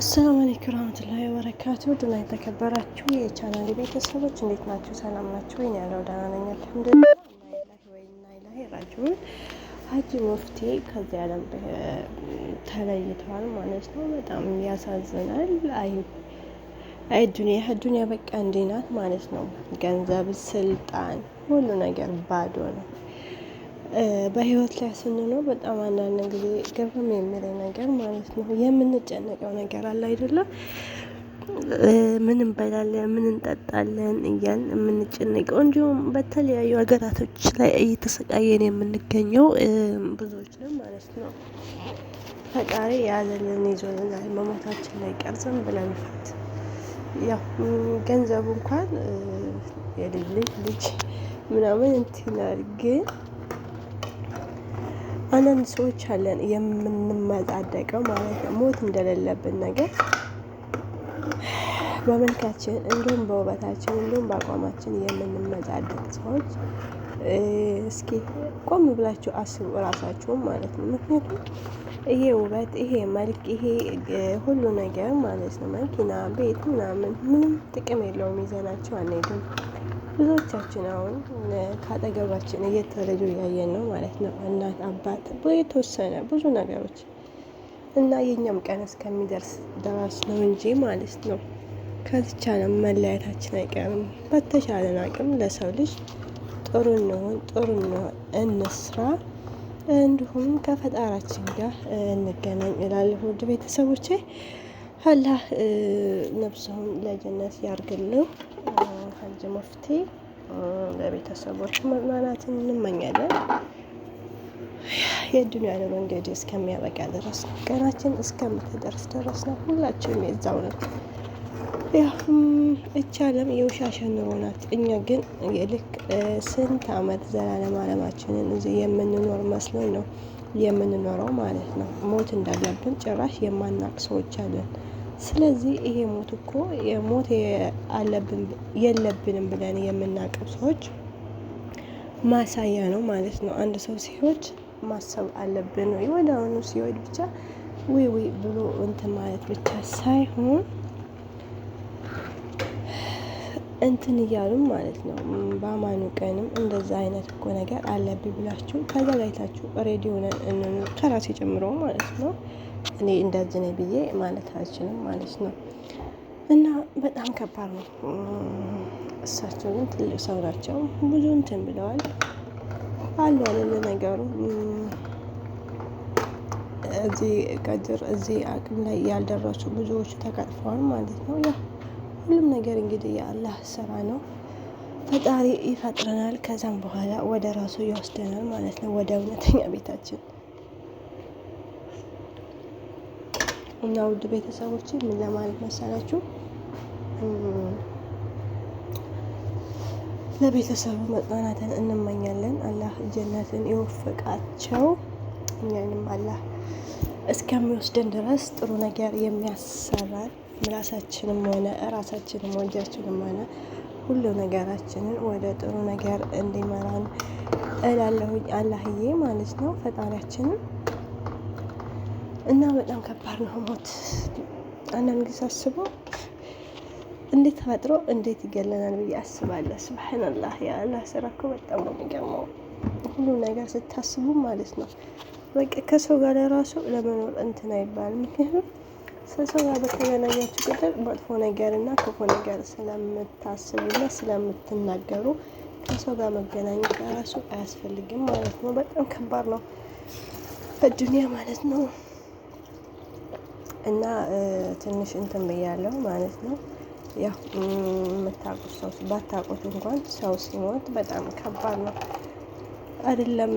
አሰላሙ አለይኩም ወራህመቱላሂ ወበረካቱ። ድና የተከበራችሁ የቻናል ቤተሰቦች እንዴት ናችሁ? ሰላም ናችሁ ወይ? ያለው ደህና ነኝ አልሐምዱሊላህ። ኢላሂ ወኢና ሀጂ ሙፍቲ ከዚህ ዓለም ተለይተዋል ማለት ነው። በጣም ያሳዝናል። አይ አይ ዱንያ ዱንያ በቃ እንዲህ ናት ማለት ነው። ገንዘብ፣ ስልጣን፣ ሁሉ ነገር ባዶ ነው። በህይወት ላይ ስንኖር በጣም አንዳንድ ጊዜ ግርም የሚለኝ ነገር ማለት ነው የምንጨነቀው ነገር አለ አይደለም። ምን እንበላለን፣ ምን እንጠጣለን እያል የምንጨነቀው እንዲሁም በተለያዩ ሀገራቶች ላይ እየተሰቃየን የምንገኘው ብዙዎች ነው ማለት ነው። ፈጣሪ የያዘልን ይዞልናል። መሞታችን ላይ ቀርጽም ብለን ፋት ያው ገንዘቡ እንኳን የልጅ ልጅ ልጅ ምናምን እንትናል ግን አንዳንድ ሰዎች አለን የምንመጻደቀው ማለት ነው። ሞት እንደሌለብን ነገር በመልካችን እንዲሁም በውበታችን እንዲሁም በአቋማችን የምንመጻደቅ ሰዎች እስኪ ቆም ብላችሁ አስቡ እራሳችሁም ማለት ነው። ምክንያቱም ይሄ ውበት፣ ይሄ መልክ፣ ይሄ ሁሉ ነገር ማለት ነው መኪና፣ ቤት ምናምን ምንም ጥቅም የለውም። ይዘናቸው አንሄድም። ብዙዎቻችን አሁን ከአጠገባችን እየተወለዱ እያየን ነው ማለት ነው። እናት አባት፣ የተወሰነ ብዙ ነገሮች እና የእኛም ቀን እስከሚደርስ ድረስ ነው እንጂ ማለት ነው። ከተቻለ መለያየታችን አይቀርም። በተሻለን አቅም ለሰው ልጅ ጥሩ እንሆን፣ ጥሩ እንስራ፣ እንዲሁም ከፈጣራችን ጋር እንገናኝ እላለሁ ውድ ቤተሰቦቼ። አላህ ነብሰውን ለጀነት ያርግልን። ሀጅ ሙፍቲ ለቤተሰቦች መጽናናትን እንመኛለን። የዱንያ መንገድ እስከሚያበቃ ድረስ ነው፣ ቀናችን እስከምትደርስ ድረስ ነው። ሁላችንም የዛው ነው። እቺ ዓለም የውሻሻ ኑሮ ናት። እኛ ግን ልክ ስንት አመት ዘላለም አለማችንን እዚህ የምንኖር መስሎን ነው የምንኖረው ማለት ነው። ሞት እንዳለብን ጭራሽ የማናቅ ሰዎች አለን። ስለዚህ ይሄ ሞት እኮ ሞት አለብን የለብንም ብለን የምናቀብ ሰዎች ማሳያ ነው ማለት ነው። አንድ ሰው ሲሄድ ማሰብ አለብን ወይ ወደ አሁኑ ሲወድ ብቻ ውይ ውይ ብሎ እንትን ማለት ብቻ ሳይሆን እንትን እያሉም ማለት ነው። በአማኑ ቀንም እንደዛ አይነት እኮ ነገር አለብኝ ብላችሁ ተዘጋጅታችሁ ሬዲ ሆነን ከራሴ ጨምሮ ማለት ነው። እኔ እንደዚህ ነኝ ብዬ ማለት አልችልም ማለት ነው። እና በጣም ከባድ ነው። እሳቸው ግን ትልቅ ሰው ናቸው። ብዙ እንትን ብለዋል አሉ ነገሩ እዚህ ቀድር እዚህ አቅም ላይ ያልደረሱ ብዙዎቹ ተቀጥፈዋል ማለት ነው። ሁሉም ነገር እንግዲህ የአላህ ስራ ነው። ፈጣሪ ይፈጥረናል፣ ከዛም በኋላ ወደ ራሱ ይወስደናል ማለት ነው፣ ወደ እውነተኛ ቤታችን እና ውድ ቤተሰቦች ምን ለማለት መሰላችሁ ለቤተሰቡ መጽናናትን እንመኛለን። አላህ ጀነትን ይወፍቃቸው። እኛንም አላህ እስከሚወስደን ድረስ ጥሩ ነገር የሚያሰራል ምላሳችንም ሆነ እራሳችንም ወጃችንም ሆነ ሁሉ ነገራችንን ወደ ጥሩ ነገር እንዲመራን እላለሁኝ አላህዬ ማለት ነው ፈጣሪያችንን እና በጣም ከባድ ነው ሞት። አንዳንድ ጊዜ አስበው እንዴት ተፈጥሮ እንዴት ይገለናል ብዬ አስባለሁ። ስብሓንላህ የአላህ ስራ እኮ በጣም ነው የሚገርመው። ሁሉ ነገር ስታስቡ ማለት ነው በቃ ከሰው ጋር ራሱ ለመኖር እንትን አይባልም። ምክንያቱም ከሰው ጋር በተገናኛችሁ ቁጥር መጥፎ ነገር እና ክፉ ነገር ስለምታስቡና ስለምትናገሩ ከሰው ጋር መገናኘት ራሱ አያስፈልግም ማለት ነው። በጣም ከባድ ነው በዱኒያ ማለት ነው። እና ትንሽ እንትን ብያለው ማለት ነው። ያው የምታውቁት ሰው ባታውቁት እንኳን ሰው ሲሞት በጣም ከባድ ነው። አይደለም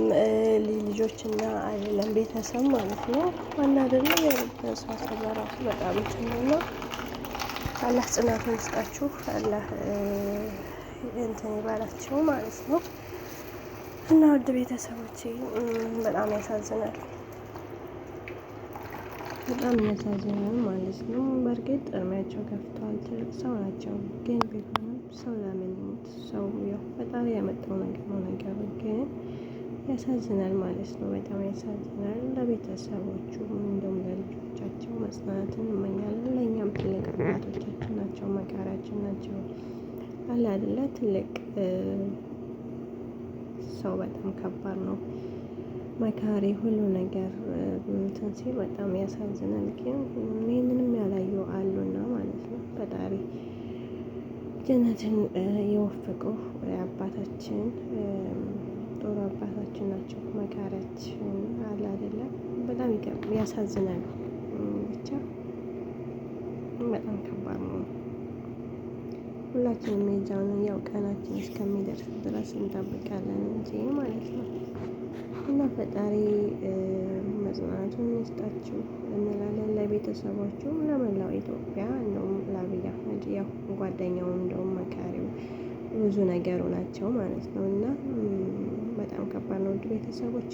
ልጆችና አይደለም ቤተሰብ ማለት ነው። ዋና ደግሞ የቤተሰብ ራሱ በጣም ትንና አላህ ጽናቱን ይስጣችሁ። አላህ እንትን ይባላችሁ ማለት ነው። እና ውድ ቤተሰቦች በጣም ያሳዝናል። በጣም ያሳዝናል ማለት ነው። በእርግጥ እድሜያቸው ገፍተዋል፣ ትልቅ ሰው ናቸው። ግን ቢሆንም ሰው ለምን ይሞት ዛሬ ያመጣው ነገር ነው። ነገር ግን ያሳዝናል ማለት ነው። በጣም ያሳዝናል። ለቤተሰቦቹ እንዲሁም ለልጆቻቸው መጽናናትን እንመኛለን። ለእኛም ትልቅ አባቶቻችን ናቸው፣ መካሪያችን ናቸው። አላለ ትልቅ ሰው በጣም ከባድ ነው። መካሪ ሁሉ ነገር እንትን ሲል በጣም ያሳዝናል። ግን ይህንንም ያላዩ አሉና ማለት ነው ፈጣሪ ጀነትን የወፈቀው አባታችን ጥሩ አባታችን ናቸው። መካሪያችን አለ አይደለም። በጣም ይገርም ያሳዝናሉ። ብቻ በጣም ከባድ ነው። ሁላችንም የጃውን ያው ቀናችን እስከሚደርስ ድረስ እንጠብቃለን እንጂ ማለት ነው። እና ፈጣሪ መጽናቱን ይስጣችሁ እንላለን ለቤተሰባችሁ፣ ለመላው ኢትዮጵያ ነው ጓደኛው እንደውም መካሪው ብዙ ነገሩ ናቸው ማለት ነው። እና በጣም ከባድ ነው ውድ ቤተሰቦቼ።